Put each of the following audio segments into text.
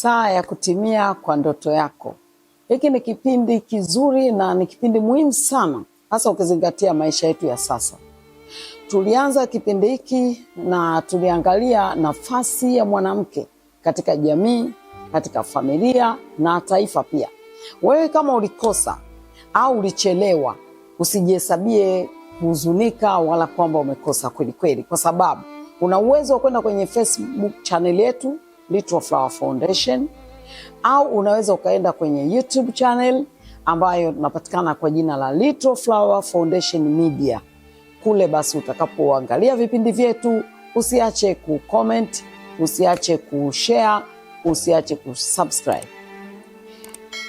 saa ya kutimia kwa ndoto yako. Hiki ni kipindi kizuri na ni kipindi muhimu sana, hasa ukizingatia maisha yetu ya sasa. Tulianza kipindi hiki na tuliangalia nafasi ya mwanamke katika jamii, katika familia na taifa pia. Wewe kama ulikosa au ulichelewa, usijihesabie kuhuzunika wala kwamba umekosa kweli kweli, kwa sababu una uwezo wa kwenda kwenye Facebook chaneli yetu Little Flower Foundation, au unaweza ukaenda kwenye YouTube channel ambayo tunapatikana kwa jina la Little Flower Foundation Media. Kule basi utakapoangalia vipindi vyetu, usiache kucomment, usiache kushare, usiache kusubscribe.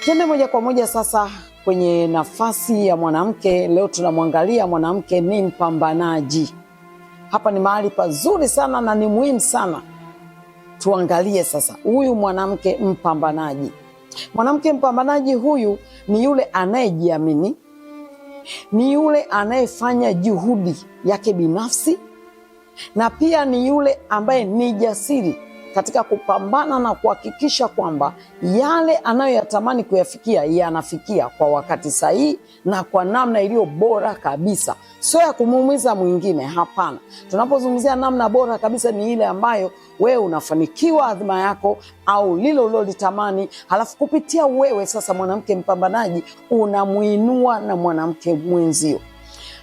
Tende moja kwa moja sasa kwenye nafasi ya mwanamke. Leo tunamwangalia mwanamke ni mpambanaji. Hapa ni mahali pazuri sana na ni muhimu sana tuangalie sasa huyu mwanamke mpambanaji. Mwanamke mpambanaji huyu ni yule anayejiamini, ni yule anayefanya juhudi yake binafsi, na pia ni yule ambaye ni jasiri katika kupambana na kuhakikisha kwamba yale anayoyatamani kuyafikia yanafikia kwa wakati sahihi na kwa namna iliyo bora kabisa, sio ya kumuumiza mwingine. Hapana, tunapozungumzia namna bora kabisa ni ile ambayo wewe unafanikiwa adhima yako au lile ulilolitamani, halafu kupitia wewe sasa, mwanamke mpambanaji, unamuinua na mwanamke mwenzio.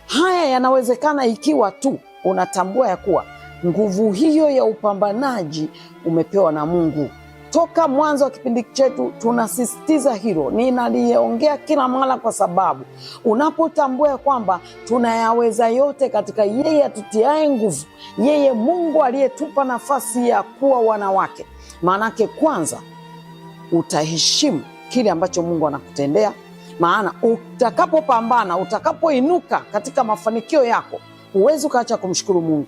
Haya yanawezekana ikiwa tu unatambua ya kuwa Nguvu hiyo ya upambanaji umepewa na Mungu. Toka mwanzo wa kipindi chetu tunasisitiza hilo, ninaliongea kila mara, kwa sababu unapotambua kwamba tunayaweza yote katika yeye atutiaye nguvu, yeye Mungu aliyetupa nafasi ya kuwa wanawake, maanake kwanza utaheshimu kile ambacho Mungu anakutendea, maana utakapopambana, utakapoinuka katika mafanikio yako, huwezi ukaacha kumshukuru Mungu.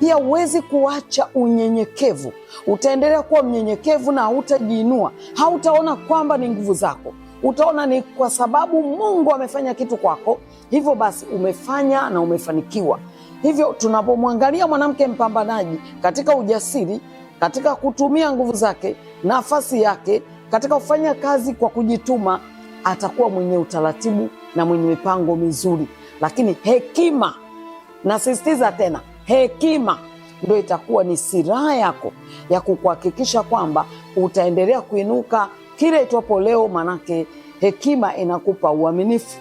Pia huwezi kuacha unyenyekevu, utaendelea kuwa mnyenyekevu na hautajiinua, hautaona kwamba ni nguvu zako utaona ni kwa sababu Mungu amefanya kitu kwako, hivyo basi umefanya na umefanikiwa. Hivyo tunapomwangalia mwanamke mpambanaji katika ujasiri, katika kutumia nguvu zake, nafasi yake, katika kufanya kazi kwa kujituma, atakuwa mwenye utaratibu na mwenye mipango mizuri, lakini hekima, nasisitiza tena hekima ndo itakuwa ni siraha yako ya kukuhakikisha kwamba utaendelea kuinuka kile itwapo leo, maanake hekima inakupa uaminifu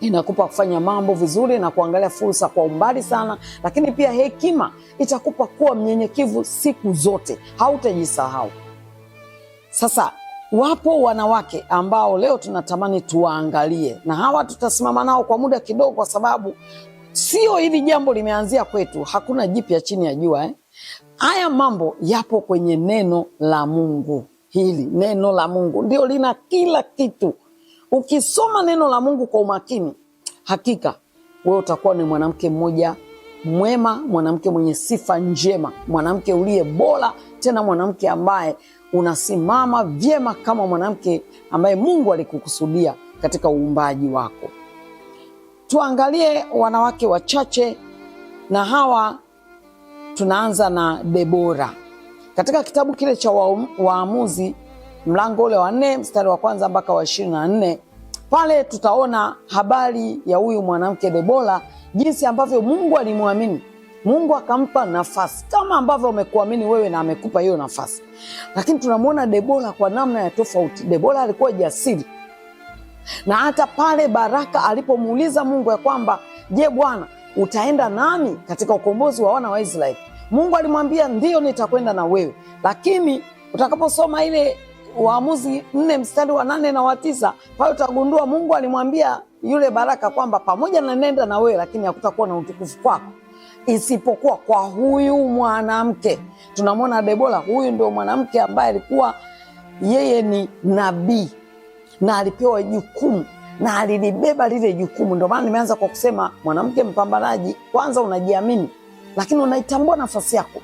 inakupa kufanya mambo vizuri na kuangalia fursa kwa umbali sana, lakini pia hekima itakupa kuwa mnyenyekevu siku zote, hautajisahau. Sasa wapo wanawake ambao leo tunatamani tuwaangalie, na hawa tutasimama nao kwa muda kidogo, kwa sababu Sio hili jambo limeanzia kwetu, hakuna jipya chini ya jua eh? Haya mambo yapo kwenye neno la Mungu. Hili neno la Mungu ndio lina kila kitu. Ukisoma neno la Mungu kwa umakini, hakika wewe utakuwa ni mwanamke mmoja mwema, mwanamke mwenye sifa njema, mwanamke uliye bora, tena mwanamke ambaye unasimama vyema kama mwanamke ambaye Mungu alikukusudia katika uumbaji wako tuangalie wanawake wachache, na hawa tunaanza na Debora katika kitabu kile cha wa, Waamuzi mlango ule wa nne mstari wa kwanza mpaka wa ishirini na nne pale tutaona habari ya huyu mwanamke Debora, jinsi ambavyo Mungu alimwamini. Mungu akampa nafasi kama ambavyo amekuamini wewe na amekupa hiyo nafasi, lakini tunamwona Debora kwa namna ya tofauti. Debora alikuwa jasiri na hata pale Baraka alipomuuliza Mungu ya kwamba je, Bwana utaenda nami katika ukombozi wa wana wa Israeli, Mungu alimwambia ndiyo, nitakwenda na wewe. Lakini utakaposoma ile Waamuzi nne mstari wa nane na wa tisa pale utagundua Mungu alimwambia yule Baraka kwamba pamoja na nenda na wewe, lakini hakutakuwa na utukufu kwako isipokuwa kwa huyu mwanamke. Tunamwona Debora, huyu ndio mwanamke ambaye alikuwa yeye ni nabii na alipewa jukumu na alilibeba lile jukumu. Ndio maana nimeanza kwa kusema mwanamke mpambanaji, kwanza unajiamini, lakini unaitambua nafasi yako,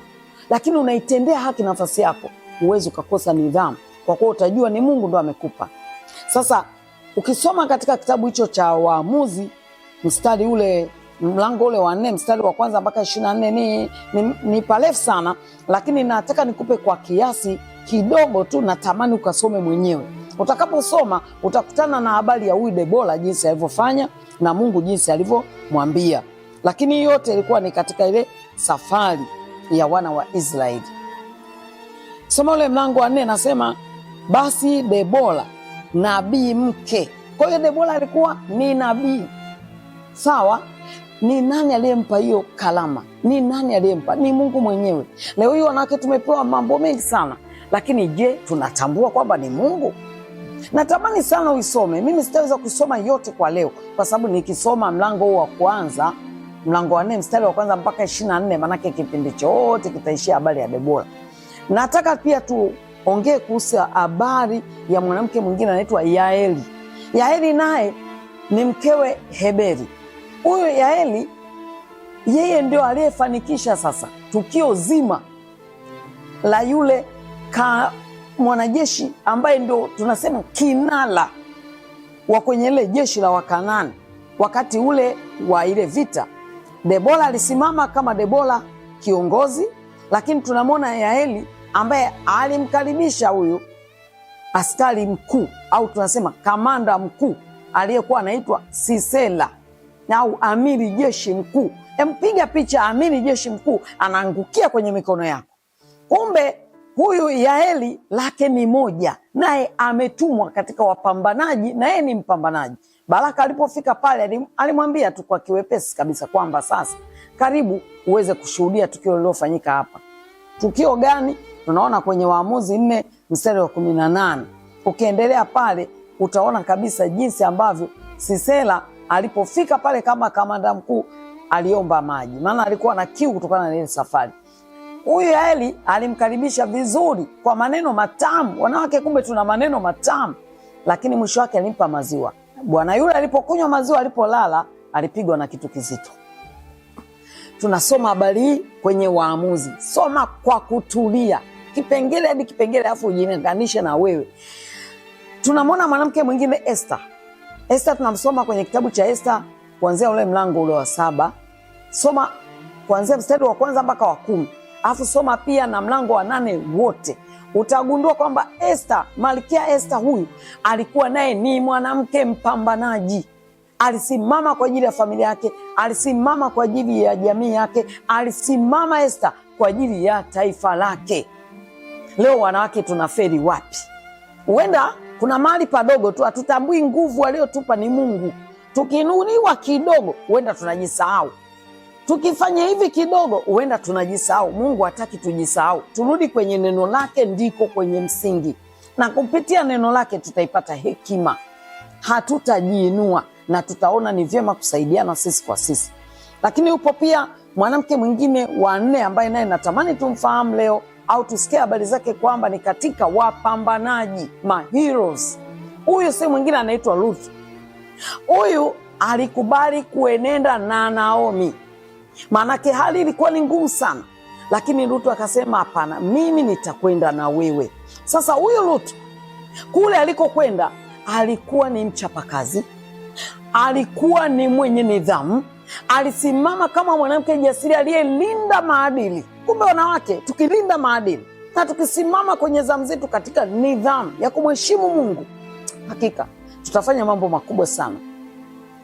lakini unaitendea haki nafasi yako. Huwezi ukakosa nidhamu, kwa kuwa utajua ni Mungu ndo amekupa. Sasa ukisoma katika kitabu hicho cha Waamuzi mstari ule mlango ule wa nne mstari wa kwanza mpaka ishirini na nne ni, ni, ni parefu sana, lakini nataka nikupe kwa kiasi kidogo tu natamani ukasome mwenyewe. Utakaposoma utakutana na habari ya huyu Debora jinsi alivyofanya na Mungu jinsi alivyomwambia, lakini yote ilikuwa ni katika ile safari ya wana wa Israeli. Soma ule mlango wa nne, nasema basi Debora nabii mke. Kwa hiyo Debora alikuwa ni nabii sawa. Ni nani aliyempa hiyo kalama? Ni nani aliyempa? Ni Mungu mwenyewe. Leo hii wanawake tumepewa mambo mengi sana lakini je, tunatambua kwamba ni Mungu? Natamani sana uisome. Mimi sitaweza kusoma yote kwa leo, kwa sababu nikisoma mlango huu wa kwanza, mlango wa nne mstari wa kwanza mpaka ishirini na nne maanake kipindi chote kitaishia habari ya Debora. Nataka pia tuongee kuhusu habari ya mwanamke mwingine anaitwa Yaeli. Yaeli naye ni mkewe Heberi. Huyu Yaeli yeye ndio aliyefanikisha sasa tukio zima la yule ka mwanajeshi ambaye ndo tunasema kinala wa kwenye ile jeshi la Wakanani wakati ule wa ile vita. Debora alisimama kama Debora kiongozi, lakini tunamwona Yaeli ambaye alimkaribisha huyu askari mkuu au tunasema kamanda mkuu aliyekuwa anaitwa sisela au amiri jeshi mkuu. Empiga picha amiri jeshi mkuu anaangukia kwenye mikono yako, kumbe Huyu Yaeli lake ni moja, naye ametumwa katika wapambanaji, na yeye ni mpambanaji. Baraka alipofika pale alimwambia tu kwa kiwepesi kabisa kwamba sasa karibu uweze kushuhudia tukio lililofanyika hapa. Tukio gani? Tunaona kwenye Waamuzi nne mstari wa kumi na nane. Ukiendelea pale utaona kabisa jinsi ambavyo Sisera alipofika pale kama kamanda mkuu aliomba maji, maana alikuwa na kiu kutokana na ile safari. Huyu Yaeli alimkaribisha vizuri kwa maneno matamu. Wanawake kumbe tuna maneno matamu, lakini mwisho wake alimpa maziwa. Bwana yule alipokunywa maziwa, alipolala alipigwa na kitu kizito. Tunasoma habari hii kwenye Waamuzi. Soma kwa kutulia, kipengele hadi kipengele, alafu ujilinganishe na wewe. Tunamwona mwanamke mwingine Esta. Esta tunamsoma kwenye kitabu cha Esta kuanzia ule mlango ule wa saba. Soma kuanzia mstari wa kwanza mpaka wa kumi alafu soma pia na mlango wa nane wote, utagundua kwamba Esta, malkia Esta huyu alikuwa naye ni mwanamke mpambanaji. Alisimama kwa ajili ya familia yake, alisimama kwa ajili ya jamii yake, alisimama Esta kwa ajili ya taifa lake. Leo wanawake tunaferi wapi? Huenda kuna mahali padogo tu, hatutambui nguvu aliyotupa ni Mungu. Tukinuliwa kidogo, huenda tunajisahau Tukifanya hivi kidogo, huenda tunajisahau. Mungu hataki tujisahau, turudi kwenye neno lake, ndiko kwenye msingi, na kupitia neno lake tutaipata hekima, hatutajiinua na tutaona ni vyema kusaidiana sisi kwa sisi. Lakini upo pia mwanamke mwingine wa nne ambaye naye natamani tumfahamu leo au tusikie habari zake kwamba ni katika wapambanaji maheroes. Huyu si mwingine anaitwa Ruth. Huyu alikubali kuenenda na Naomi maanake hali ilikuwa ni ngumu sana, lakini Lutu akasema hapana, mimi nitakwenda na wewe. Sasa huyu Lutu kule alikokwenda alikuwa ni mchapakazi, alikuwa ni mwenye nidhamu, alisimama kama mwanamke jasiri aliyelinda maadili. Kumbe wanawake tukilinda maadili na tukisimama kwenye zamu zetu katika nidhamu ya kumheshimu Mungu, hakika tutafanya mambo makubwa sana.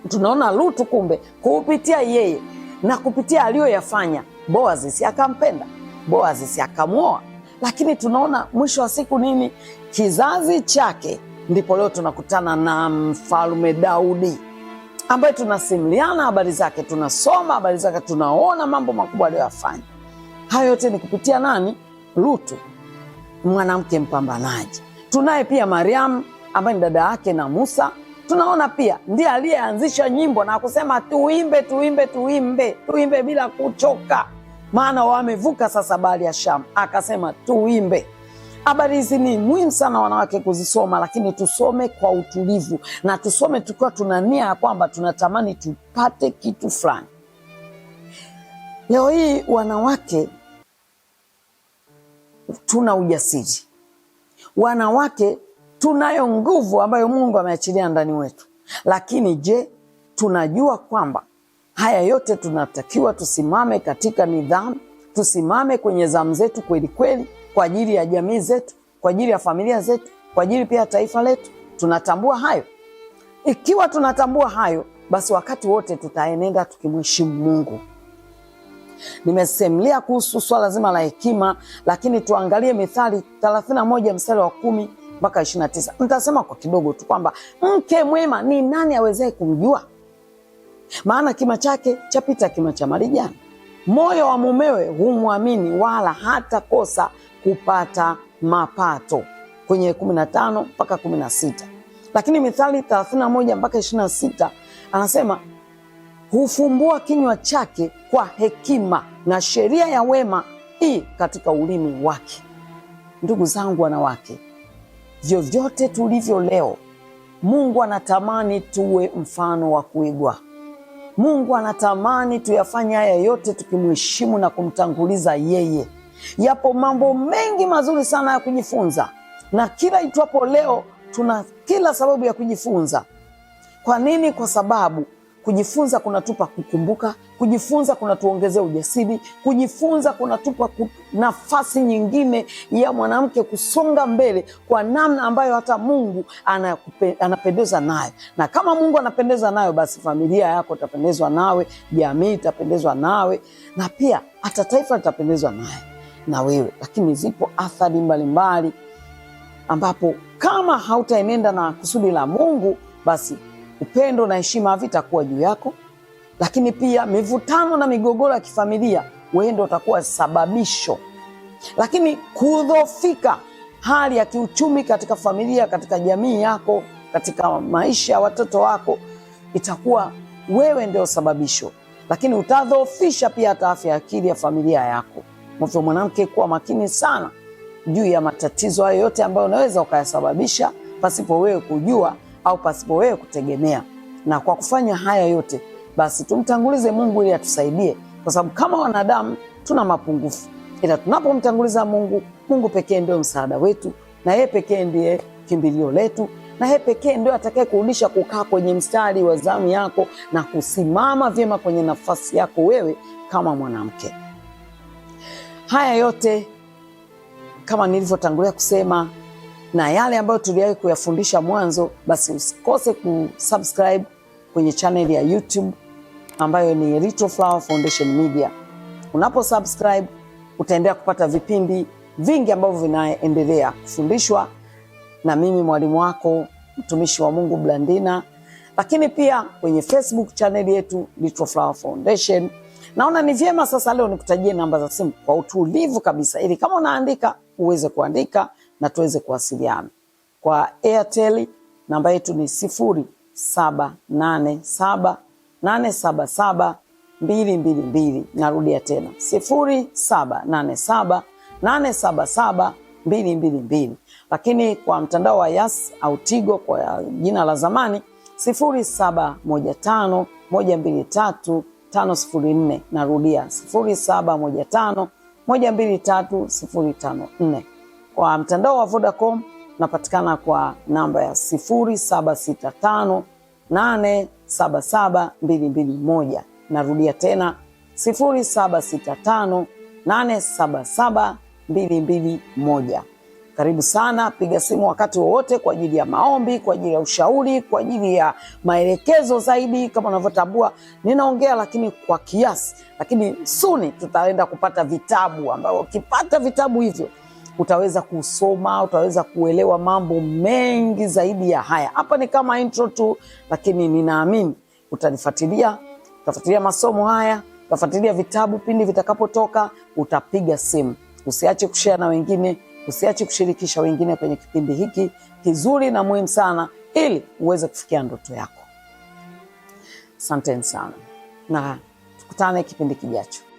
Tunaona Lutu kumbe kupitia yeye na kupitia aliyoyafanya Boaz si akampenda, Boaz si akamwoa. Lakini tunaona mwisho wa siku nini? Kizazi chake ndipo leo tunakutana na mfalme Daudi ambaye tunasimuliana habari zake, tunasoma habari zake, tunaona mambo makubwa aliyoyafanya. Hayo yote ni kupitia nani? Rutu, mwanamke mpambanaji. Tunaye pia Mariamu ambaye ni dada yake na Musa Tunaona pia ndiye aliyeanzisha nyimbo na kusema tuimbe, tuimbe, tuimbe, tuimbe bila kuchoka, maana wamevuka sasa bahari ya Shamu. Akasema tuimbe. Habari hizi ni muhimu sana wanawake kuzisoma, lakini tusome kwa utulivu na tusome tukiwa tuna nia ya kwamba tunatamani tupate kitu fulani. Leo hii wanawake tuna ujasiri, wanawake Tunayo nguvu ambayo Mungu ameachilia ndani wetu, lakini je, tunajua kwamba haya yote tunatakiwa tusimame katika nidhamu, tusimame kwenye zamu zetu kweli kweli, kwa ajili ya jamii zetu, kwa ajili ya familia zetu, kwa ajili pia ya taifa letu. Tunatambua hayo? Ikiwa tunatambua hayo, basi wakati wote tutaenenda tukimheshimu Mungu. Nimesemlia kuhusu swala zima la hekima, lakini tuangalie Mithali 31 mstari wa kumi mpaka ishirini na tisa. Nitasema kwa kidogo tu kwamba mke mwema ni nani awezaye kumjua? Maana kima chake chapita kima cha marijani. Moyo wa mumewe humwamini, wala hata kosa kupata mapato, kwenye kumi na tano mpaka kumi na sita. Lakini Mithali thelathini na moja mpaka ishirini na sita anasema hufumbua kinywa chake kwa hekima na sheria ya wema hii katika ulimi wake. Ndugu zangu wanawake, vyovyote tulivyo leo, Mungu anatamani tuwe mfano wa kuigwa. Mungu anatamani tuyafanye haya yote tukimheshimu na kumtanguliza yeye. Yapo mambo mengi mazuri sana ya kujifunza, na kila itwapo leo tuna kila sababu ya kujifunza. Kwa nini? Kwa sababu Kujifunza kunatupa kukumbuka, kujifunza kunatuongezea ujasiri, kujifunza kunatupa nafasi nyingine ya mwanamke kusonga mbele kwa namna ambayo hata Mungu anapendeza nayo, na kama Mungu anapendeza nayo, basi familia yako itapendezwa nawe, jamii itapendezwa nawe, na pia hata taifa litapendezwa naye na wewe. Lakini zipo athari mbalimbali ambapo kama hautaenenda na kusudi la Mungu basi upendo na heshima havitakuwa juu yako, lakini pia mivutano na migogoro ya kifamilia wewe utakuwa sababisho. Lakini kudhofika hali ya kiuchumi katika familia, katika jamii yako, katika maisha ya watoto wako, itakuwa wewe ndio sababisho. Lakini utadhoofisha pia hata afya ya akili ya familia yako. Hivyo mwanamke, kuwa makini sana juu ya matatizo hayo yote ambayo unaweza ukayasababisha pasipo wewe kujua au pasipo wewe kutegemea. Na kwa kufanya haya yote basi tumtangulize Mungu ili atusaidie, kwa sababu kama wanadamu tuna mapungufu, ila tunapomtanguliza Mungu, Mungu pekee ndio msaada wetu, na yeye pekee ndiye kimbilio letu, na yeye pekee ndio atakaye kurudisha kukaa kwenye mstari wa zamu yako na kusimama vyema kwenye nafasi yako wewe kama mwanamke. Haya yote kama nilivyotangulia kusema na yale ambayo tuliwahi kuyafundisha mwanzo, basi usikose kusubscribe kwenye channel ya YouTube ambayo ni Little Flower Foundation Media. Unapo subscribe utaendelea kupata vipindi vingi ambavyo vinaendelea kufundishwa na mimi mwalimu wako mtumishi wa Mungu Blandina, lakini pia kwenye Facebook channel yetu Little Flower Foundation. Naona ni vyema sasa leo nikutajie namba za simu kwa utulivu kabisa, ili kama unaandika uweze kuandika na tuweze kuwasiliana. Kwa Airtel namba yetu ni sifuri saba nane saba nane saba saba mbili mbili mbili. Narudia tena sifuri saba nane saba nane saba saba mbili mbili mbili. Lakini kwa mtandao wa Yas au Tigo kwa jina la zamani sifuri saba moja tano moja mbili tatu tano sifuri nne. Narudia sifuri saba moja tano moja mbili tatu sifuri tano nne. Kwa mtandao wa Vodacom napatikana kwa namba ya 0765877221. Narudia tena 0765877221. Karibu sana, piga simu wakati wowote kwa ajili ya maombi, kwa ajili ya ushauri, kwa ajili ya maelekezo zaidi. Kama unavyotambua, ninaongea lakini kwa kiasi, lakini suni tutaenda kupata vitabu ambavyo ukipata vitabu hivyo utaweza kusoma, utaweza kuelewa mambo mengi zaidi ya haya. Hapa ni kama intro tu, lakini ninaamini utanifuatilia, utafuatilia masomo haya, utafuatilia vitabu pindi vitakapotoka, utapiga simu. Usiache kushare na wengine, usiache kushirikisha wengine kwenye kipindi hiki kizuri na muhimu sana, ili uweze kufikia ndoto yako. Asanteni sana na tukutane kipindi kijacho.